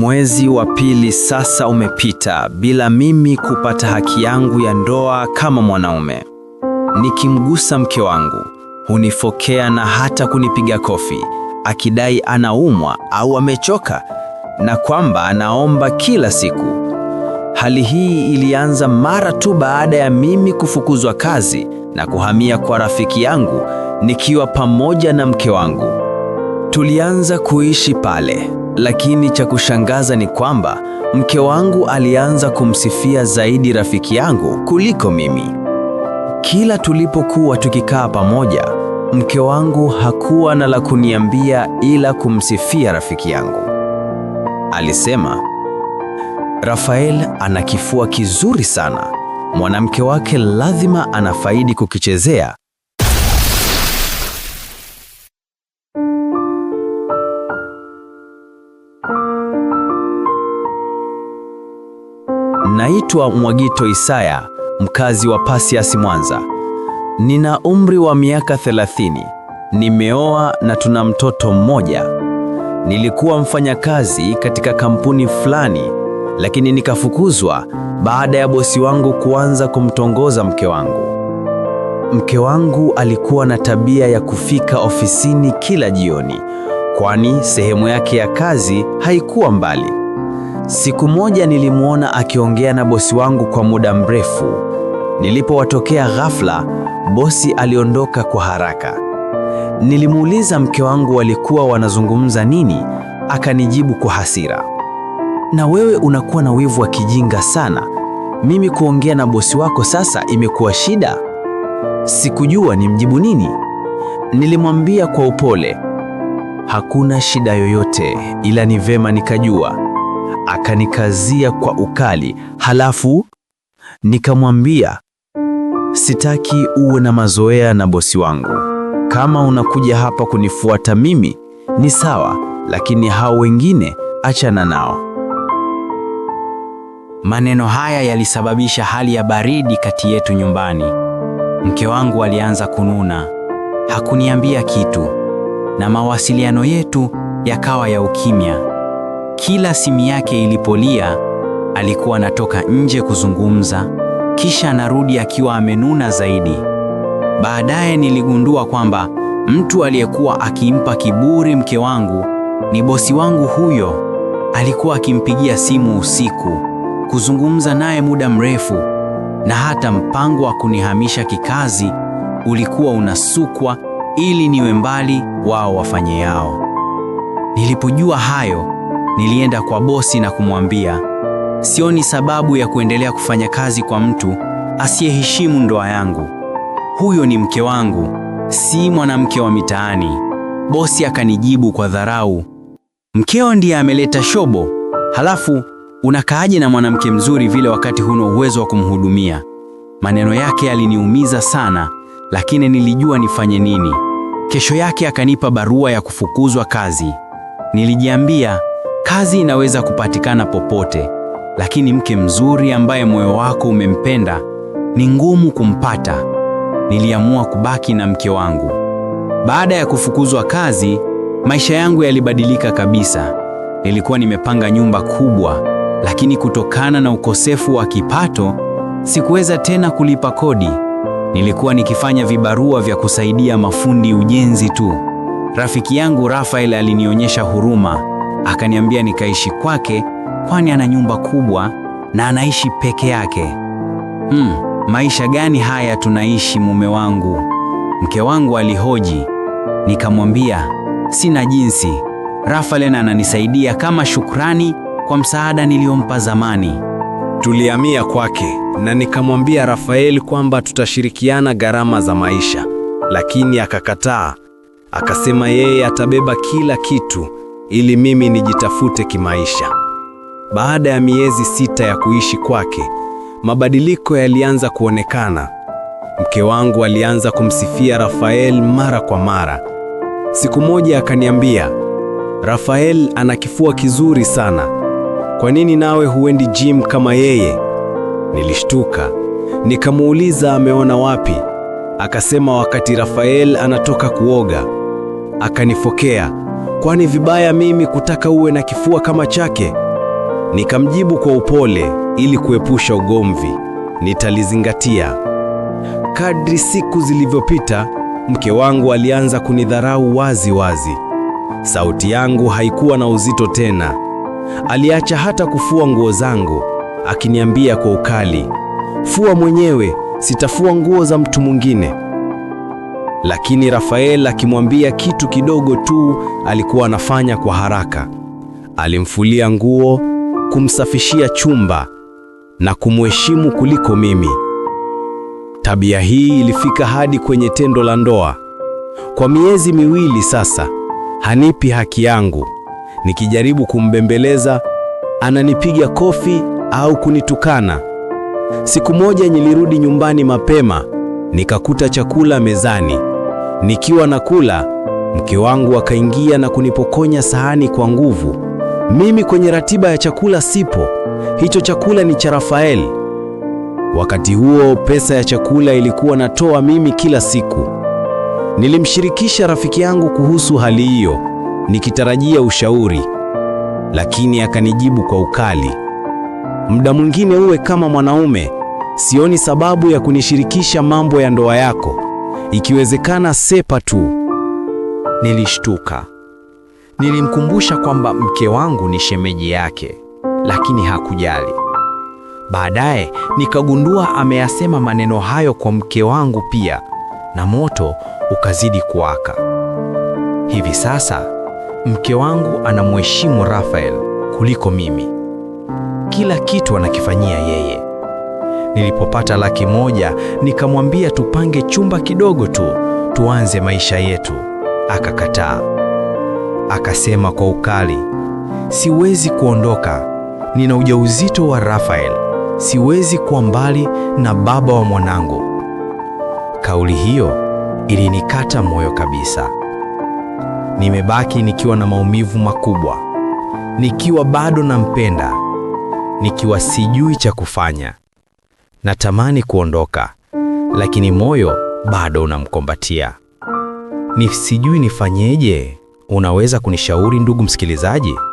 Mwezi wa pili sasa umepita bila mimi kupata haki yangu ya ndoa kama mwanaume. Nikimgusa mke wangu hunifokea na hata kunipiga kofi, akidai anaumwa au amechoka na kwamba anaomba kila siku. Hali hii ilianza mara tu baada ya mimi kufukuzwa kazi na kuhamia kwa rafiki yangu nikiwa pamoja na mke wangu. Tulianza kuishi pale. Lakini cha kushangaza ni kwamba mke wangu alianza kumsifia zaidi rafiki yangu kuliko mimi. Kila tulipokuwa tukikaa pamoja, mke wangu hakuwa na la kuniambia ila kumsifia rafiki yangu. Alisema, Rafael ana kifua kizuri sana. Mwanamke wake lazima anafaidi kukichezea Naitwa Mwagito Isaya, mkazi wa Pasiansi, Mwanza. Nina umri wa miaka 30. Nimeoa na tuna mtoto mmoja. Nilikuwa mfanyakazi katika kampuni fulani, lakini nikafukuzwa baada ya bosi wangu kuanza kumtongoza mke wangu. Mke wangu alikuwa na tabia ya kufika ofisini kila jioni, kwani sehemu yake ya kazi haikuwa mbali. Siku moja nilimwona akiongea na bosi wangu kwa muda mrefu. Nilipowatokea ghafla, bosi aliondoka kwa haraka. Nilimuuliza mke wangu walikuwa wanazungumza nini, akanijibu kwa hasira, na wewe unakuwa na wivu wa kijinga sana. Mimi kuongea na bosi wako sasa imekuwa shida? Sikujua nimjibu nini. Nilimwambia kwa upole, hakuna shida yoyote, ila ni vema nikajua Akanikazia kwa ukali, halafu nikamwambia, sitaki uwe na mazoea na bosi wangu. Kama unakuja hapa kunifuata mimi ni sawa, lakini hao wengine achana nao. Maneno haya yalisababisha hali ya baridi kati yetu nyumbani. Mke wangu alianza kununa, hakuniambia kitu, na mawasiliano yetu yakawa ya ukimya. Kila simu yake ilipolia, alikuwa anatoka nje kuzungumza, kisha anarudi akiwa amenuna zaidi. Baadaye niligundua kwamba mtu aliyekuwa akimpa kiburi mke wangu ni bosi wangu huyo. Alikuwa akimpigia simu usiku, kuzungumza naye muda mrefu, na hata mpango wa kunihamisha kikazi ulikuwa unasukwa ili niwe mbali, wao wafanye yao. Nilipojua hayo nilienda kwa bosi na kumwambia, sioni sababu ya kuendelea kufanya kazi kwa mtu asiyeheshimu ndoa yangu. Huyo ni mke wangu, si mwanamke wa mitaani. Bosi akanijibu kwa dharau, mkeo ndiye ameleta shobo, halafu unakaaje na mwanamke mzuri vile wakati huna uwezo wa kumhudumia? Maneno yake yaliniumiza sana, lakini nilijua nifanye nini. Kesho yake akanipa barua ya kufukuzwa kazi. Nilijiambia Kazi inaweza kupatikana popote, lakini mke mzuri ambaye moyo wako umempenda ni ngumu kumpata. Niliamua kubaki na mke wangu. Baada ya kufukuzwa kazi, maisha yangu yalibadilika kabisa. Nilikuwa nimepanga nyumba kubwa, lakini kutokana na ukosefu wa kipato sikuweza tena kulipa kodi. Nilikuwa nikifanya vibarua vya kusaidia mafundi ujenzi tu. Rafiki yangu Rafael alinionyesha huruma. Akaniambia nikaishi kwake, kwani ana nyumba kubwa na anaishi peke yake. Hmm, maisha gani haya tunaishi mume wangu? Mke wangu alihoji. Nikamwambia sina jinsi, Rafael ananisaidia kama shukrani kwa msaada niliyompa zamani. Tulihamia kwake na nikamwambia Rafael kwamba tutashirikiana gharama za maisha, lakini akakataa. Akasema yeye atabeba kila kitu ili mimi nijitafute kimaisha. Baada ya miezi sita ya kuishi kwake, mabadiliko yalianza kuonekana. Mke wangu alianza kumsifia Rafael mara kwa mara. Siku moja akaniambia, Rafael ana kifua kizuri sana, kwa nini nawe huendi gym kama yeye? Nilishtuka, nikamuuliza ameona wapi. Akasema wakati Rafael anatoka kuoga. Akanifokea kwani vibaya mimi kutaka uwe na kifua kama chake? Nikamjibu kwa upole ili kuepusha ugomvi, nitalizingatia. Kadri siku zilivyopita, mke wangu alianza kunidharau wazi wazi. Sauti yangu haikuwa na uzito tena. Aliacha hata kufua nguo zangu, akiniambia kwa ukali, fua mwenyewe, sitafua nguo za mtu mwingine. Lakini Rafael akimwambia kitu kidogo tu alikuwa anafanya kwa haraka. Alimfulia nguo, kumsafishia chumba na kumheshimu kuliko mimi. Tabia hii ilifika hadi kwenye tendo la ndoa. Kwa miezi miwili sasa, hanipi haki yangu. Nikijaribu kumbembeleza, ananipiga kofi au kunitukana. Siku moja nilirudi nyumbani mapema nikakuta chakula mezani. Nikiwa nakula, mke wangu akaingia na kunipokonya sahani kwa nguvu. Mimi kwenye ratiba ya chakula sipo, hicho chakula ni cha Rafael. Wakati huo pesa ya chakula ilikuwa natoa mimi kila siku. Nilimshirikisha rafiki yangu kuhusu hali hiyo nikitarajia ushauri, lakini akanijibu kwa ukali, muda mwingine uwe kama mwanaume Sioni sababu ya kunishirikisha mambo ya ndoa yako, ikiwezekana sepa tu. Nilishtuka. Nilimkumbusha kwamba mke wangu ni shemeji yake, lakini hakujali. Baadaye nikagundua ameyasema maneno hayo kwa mke wangu pia, na moto ukazidi kuwaka. Hivi sasa mke wangu anamheshimu rafael kuliko mimi. Kila kitu anakifanyia yeye. Nilipopata laki moja nikamwambia tupange chumba kidogo tu tuanze maisha yetu. Akakataa, akasema kwa ukali, siwezi kuondoka, nina ujauzito wa rafael siwezi kuwa mbali na baba wa mwanangu. Kauli hiyo ilinikata moyo kabisa. Nimebaki nikiwa na maumivu makubwa, nikiwa bado nampenda, nikiwa sijui cha kufanya. Natamani kuondoka, lakini moyo bado unamkombatia. Ni sijui nifanyeje. Unaweza kunishauri ndugu msikilizaji?